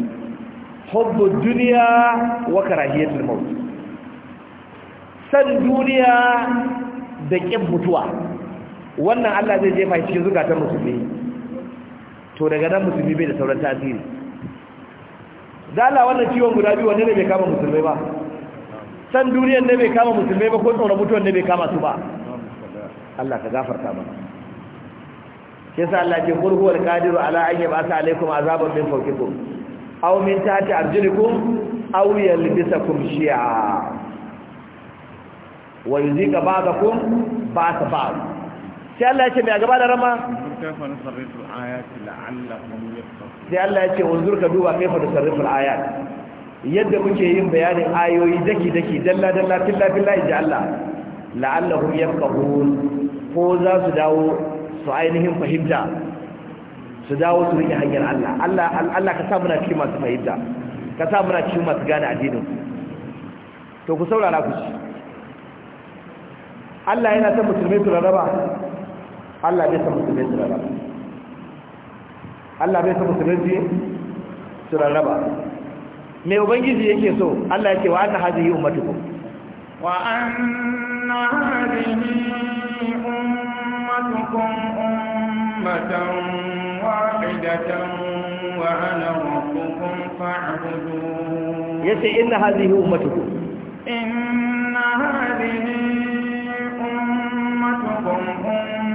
hubbu dunya wa karahiyatul maut san duniya da kin mutuwa wannan Allah zai jefa shi cikin zukatan musulmi to daga nan musulmi bai da sauran tasiri da Allah wannan ciwon guda biyu wanne ne bai kama musulmai ba san duniyar ne bai kama musulmai ba ko tsoron mutuwar ne bai kama su ba Allah ka gafarta ba. Ke sa Allah ke qul huwal qadiru ala an yab'atha alaikum azaban min fawqikum aw min tahti arjulikum aw yalbisakum shi'a wa yuzika ba'dakum ba'sa ba'd sai Allah ya ce mai gaba da rama kaifa nusarrifu al-ayati la'allahum yafqahun Allah ya ce ka duba kaifa nusarrifu al-ayat yadda muke yin bayanin ayoyi daki daki dalla dalla filla filla inji Allah la'allahum yafqahun ko za su dawo su ainihin fahimta su dawo su rike hanyar Allah Allah Allah ka sa muna cikin masu fahimta ka sa muna cikin masu gane addinin to ku saurara ku ci Allah yana ta musulmai su rarraba Allah bai san musulmai su raba. Allah bai san musulmai su raba. me ubangiji yake so Allah yake wa anna hadhihi ummatukum wa anna hadhihi ummatukum ummatan wahidatan wa ana rabbukum fa'budun yace inna hadhihi ummatukum inna hadhihi ummatukum ummatan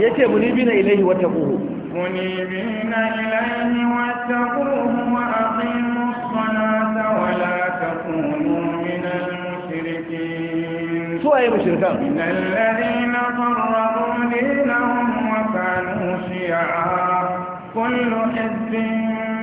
yake muni bina ilaihi wa taquhu muni bina ilaihi wa taquhu wa aqimu ssalata wa na takunu min al-mushrikin so ayi mushrikan min alladhina farradu dinahum wa kanu shi'a kullu hizbin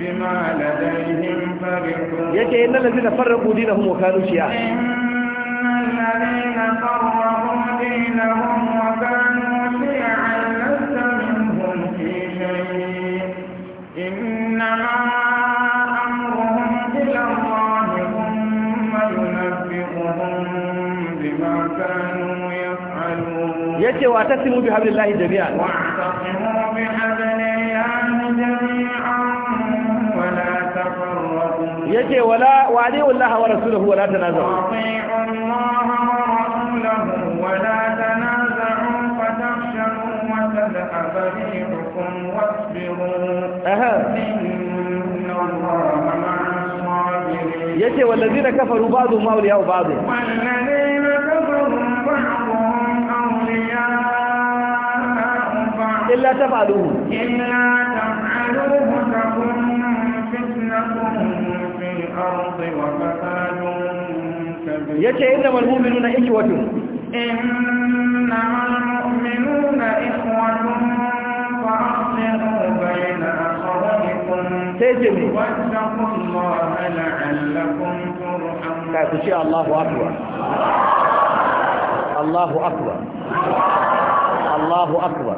بما لديهم فرحون يجي إن الذين فرقوا دينهم وكانوا شيعا إن الذين فرقوا دينهم وكانوا شيعا لست منهم في شيء إنما أمرهم إلى الله ثم ينبئهم بما كانوا يفعلون يجي واعتصموا بحبل الله جميعا واعتصموا بحبل ce wala wa ne wallahi wa rasuluhu wala tanazu yace wallazi na kafaru ba'du mawliya ba'du wallazi na kafaru ba'du awliya إلا تفعلوه إلا تفعلوه تكون الأرض وفساد كبير يتي إنما المؤمنون إخوة إنما المؤمنون إخوة فأصلحوا بين أخواتكم واتقوا الله لعلكم ترحمون تشاء الله أكبر الله أكبر الله أكبر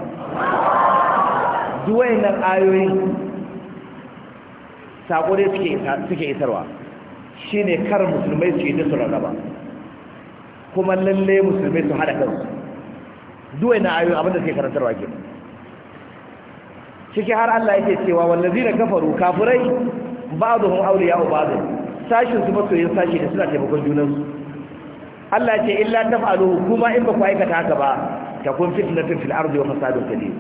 دوين الآيوين Saƙo dai suke isarwa shi ne kar musulmai su yi da su rarraba kuma lalle musulmai su haɗa kansu duwai na ayoyi abinda suke karantarwa ke ciki har Allah yake cewa wallazi na kafaru kafurai ya awliya'u ba'd sashin su masoyin sashi da suna taimakon junansu Allah ce illa taf'alu kuma in ba ku aikata haka ba takun fitnatun fil ardi wa fasadun kabir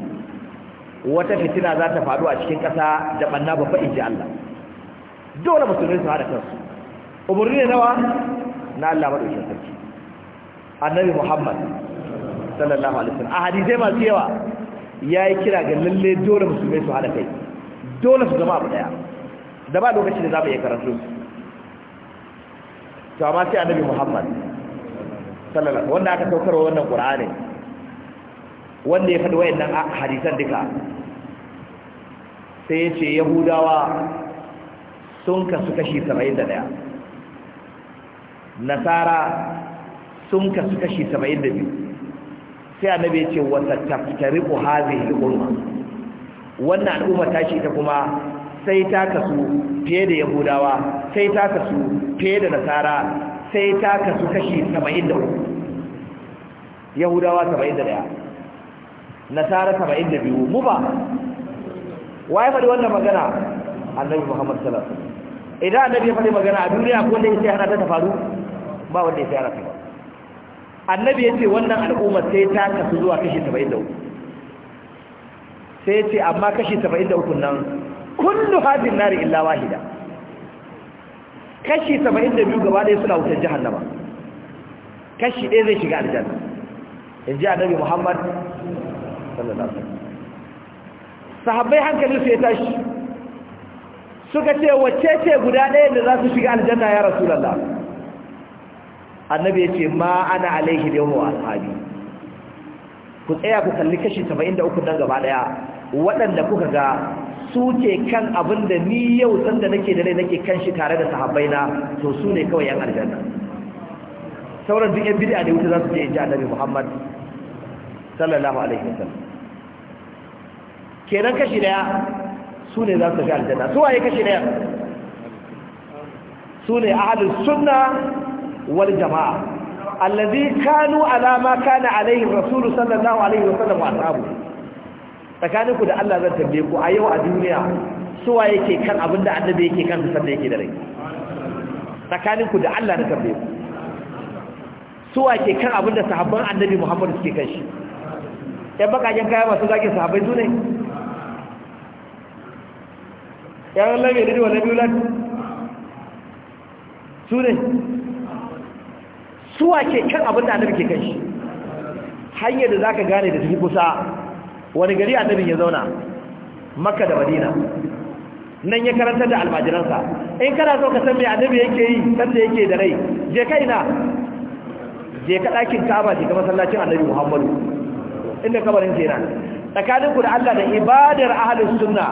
wata fitina za ta faru a cikin ƙasa da banna babba in inji Allah dole musulmi su haɗa kansu umarni ne nawa na Allah maɗaukin sarki annabi Muhammad sallallahu alaihi wasallam a hadisai masu yawa yayi kira ga lalle dole musulmi su haɗa kai dole su zama abu daya da ba lokacin da za mu iya karatu to amma sai annabi Muhammad sallallahu wanda aka saukarwa wannan Qur'ani wanda ya faɗi wayannan hadisan duka sai ya ce Yahudawa sun kasu kashi saba'in da ɗaya nasara sun kasu kashi saba'in da biyu sai annabi ya ce wata taftari ku hazihi al'umma wannan al'umma ta shi ta kuma sai ta kasu fiye da yahudawa sai ta kasu fiye da nasara sai ta kasu kashi 73 yahudawa 71 nasara 72 mu ba waye faɗi wannan magana annabi muhammad sallallahu alaihi wasallam idan annabi ya faɗi magana a duniya ko wanda ya sai hana ta ta faru ba wanda ya sai hana ta ba annabi ya ce wannan al'ummar sai ta kasu zuwa kashi 73 sai ya ce amma kashi 73 nan kullu hadin nari illa wahida kashi 72 gaba ɗaya suna wutar jahannama kashi ɗaya zai shiga aljanna in ji annabi muhammad sallallahu alaihi wasallam sahabbai su ya tashi suka ce wacce ce guda ɗaya da za su shiga aljanna ya rasulallah annabi ya ce ma ana alaihi da yawan alhari ku tsaya ku kalli kashi 73 don gaba ɗaya waɗanda kuka ga su ke kan abin da ni yau sanda nake da rai nake kan shi tare da sahabbaina to su ne kawai yan aljanna sauran duk yan bid'a ne wuta za su je ji annabi Muhammad sallallahu alaihi wasallam kenan kashi daya su ne za su ga aljanna su waye kashi daya su ne ahlus sunna wal jamaa allazi kanu ala ma kana alaihi rasul sallallahu alaihi wasallam wa ashabu tsakanin ku da Allah zan tambaye ku a yau a duniya su waye ke kan abinda annabi yake kan sannan yake da rai tsakanin ku da Allah na tambaye ku su waye kan abinda sahabban annabi Muhammad suke kan shi baka bakajen kaya masu zaki sahabbai su ne ya Allah mai nadi su ne suwa ke kan abin da annabi ke kai shi hanyar da zaka gane da tafi kusa wani gari annabi ya zauna makka da madina nan ya karanta da almajiransa in kana so ka san me annabi yake yi san da yake da rai je kai na je ka dakin kaba je ka masallacin annabi muhammadu inda kabarin kenan tsakanin ku da Allah da ibadar ahlus sunna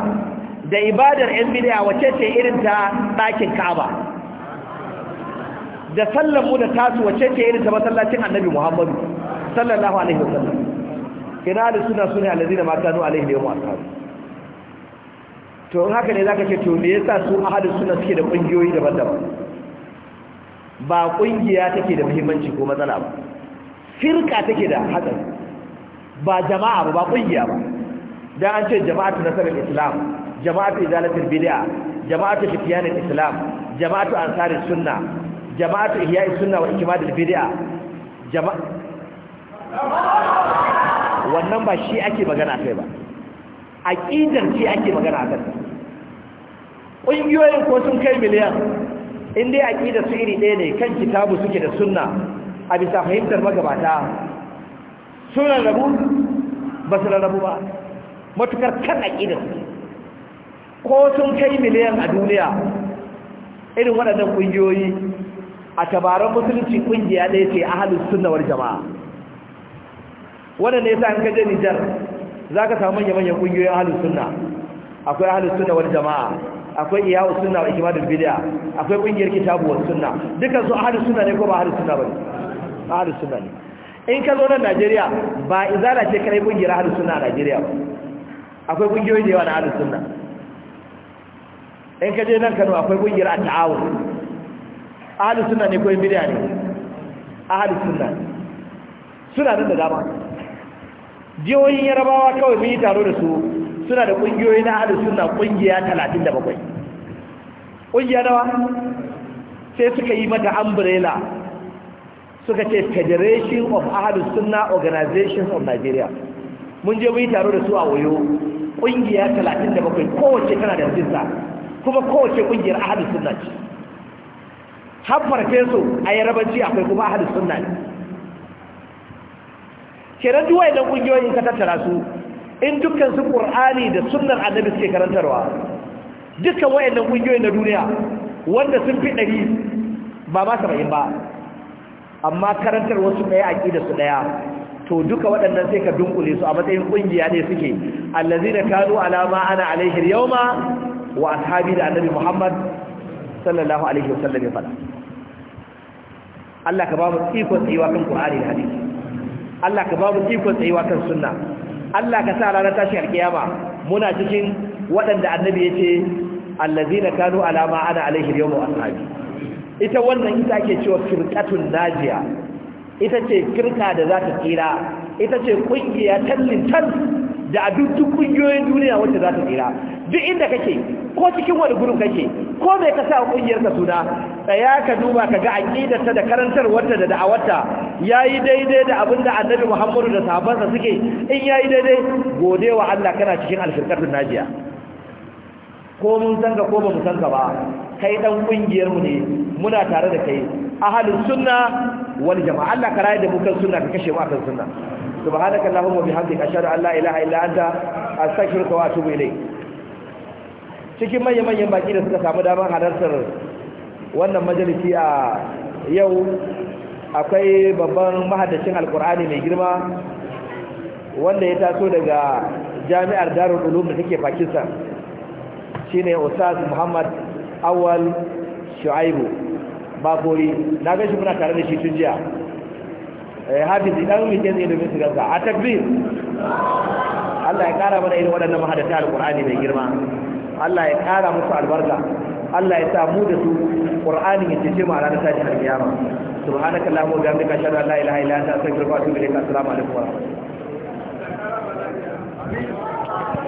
da ibadar ‘yan bidiya wace ce irin ta ɗakin ka'aba da sallanmu da tasu wace ce irin ta masallacin annabi muhammadu sallallahu alaihi wasallam kina da suna suna alazi da makanu alaihi wa ma'asaru to in haka ne za ka ce to me yasa su ahadin suna suke da ƙungiyoyi daban-daban ba ƙungiya take da muhimmanci ko matsala ba firka take da hatsari ba jama'a ba ba ƙungiya ba dan an ce jama'atu nasarar islam jama'atu izalatul bid'a jama'atu fitiyanul islam jama'atu ansarus sunna jama'atu ihya'is sunna wa ikmadul bid'a jama'a wannan ba shi ake magana kai ba aqidar ce ake magana akan ƙungiyoyin ko sun kai miliyan in dai aqidar su iri ɗaya ne kan kitabu suke da sunna a bisa fahimtar magabata sunan rabu ba su rarrabu ba matukar kan aqidar su ko sun kai miliyan a duniya irin waɗannan ƙungiyoyi a tabarar musulunci ƙungiya ɗaya ce a halin sunawar jama'a waɗanda ya sa an kaje nijar za ka samu manya manyan ƙungiyoyin halin suna akwai halin sunawar jama'a akwai iyawu suna wa ikimadin bidiya akwai ƙungiyar kitabuwar suna dukansu a halin suna ne ko ba halin suna ba ne a halin suna ne in ka zo nan Najeriya ba izala ce kare kungiyar ahlus sunna a Najeriya ba akwai kungiyoyi da yawa na halin suna. in ka je nan Kano akwai kungiyar a taawun ahlus sunna ne ko bid'a ne ahlus sunna suna nan da dama jihohin yarabawa kawai mun yi taro da su suna da kungiyoyi na ahlus sunna kungiya 37 kungiya nawa sai suka yi mata umbrella suka ce federation of ahlus sunna organizations of nigeria mun je mun yi taro da su a wayo kungiya 37 kowace tana da rajista kuma kowace kungiyar ahadu sunna ce haffar feso a yarabanci akwai kuma ahadu sunna ne kenan duk wayannan kungiyoyin ka tattara su in dukkan su qur'ani da sunnar annabi suke karantarwa dukkan wayannan kungiyoyin na duniya wanda sun fi ɗari ba ma saba'in ba amma karantar wasu ɗaya aƙida su ɗaya to duka waɗannan sai ka dunkule su a matsayin ƙungiya ne suke allazi da kanu alama ana alaihir yau ma wa ashabi da annabi Muhammad sallallahu alaihi wasallam ya faɗa Allah ka ba mu ikon tsayuwa kan Qur'ani da hadisi Allah ka ba mu ikon tsayuwa kan sunna Allah ka sa ranar tashi alkiyama muna cikin waɗanda annabi ya ce allazina kanu ala ma ana alaihi yawmu ashabi ita wannan ita ake cewa firqatun najiya ita ce kirka da za ta tsira ita ce kungiya tallin tal da a duk kungiyoyin duniya wacce za ta tsira duk inda kake ko cikin wani gurin kake ko mai ka sa kungiyar ka suna tsaya ka duba ka ga aƙidarta da karantarwarta da da'awarta yayi daidai da abin da Annabi Muhammadu da sahabbansa suke in yayi daidai godewa Allah kana cikin alfirqatun najiya ko mun san ka ko ba mu san ka ba kai dan kungiyar mu ne muna tare da kai ahlus sunna wal jamaa Allah ka raye da mu kan sunna ka kashe mu akan sunna subhanakallahumma bihamdika ashhadu an la ilaha illa anta astaghfiruka wa atubu ilayk cikin manya-manyan baki da suka samu damar halartar wannan majalisi a yau akwai babban mahaddacin alkur'ani mai girma wanda ya taso daga jami'ar darul ulum da take pakistan shine ustaz muhammad awal shu'aibu bakori na gashi muna tare da shi tun jiya eh, hafizi dan ke zai domin su a takbir Allah ya kara mana irin waɗannan mahaddata alkur'ani mai girma Allah ya kara musu albarka Allah ya sa mu da su Qur'ani ya ce mu a ranar tashin alkiyama subhanaka allahumma wa bihamdika ashhadu an la ilaha illa anta astaghfiruka wa atubu ilayk assalamu alaikum wa rahmatullahi wa barakatuh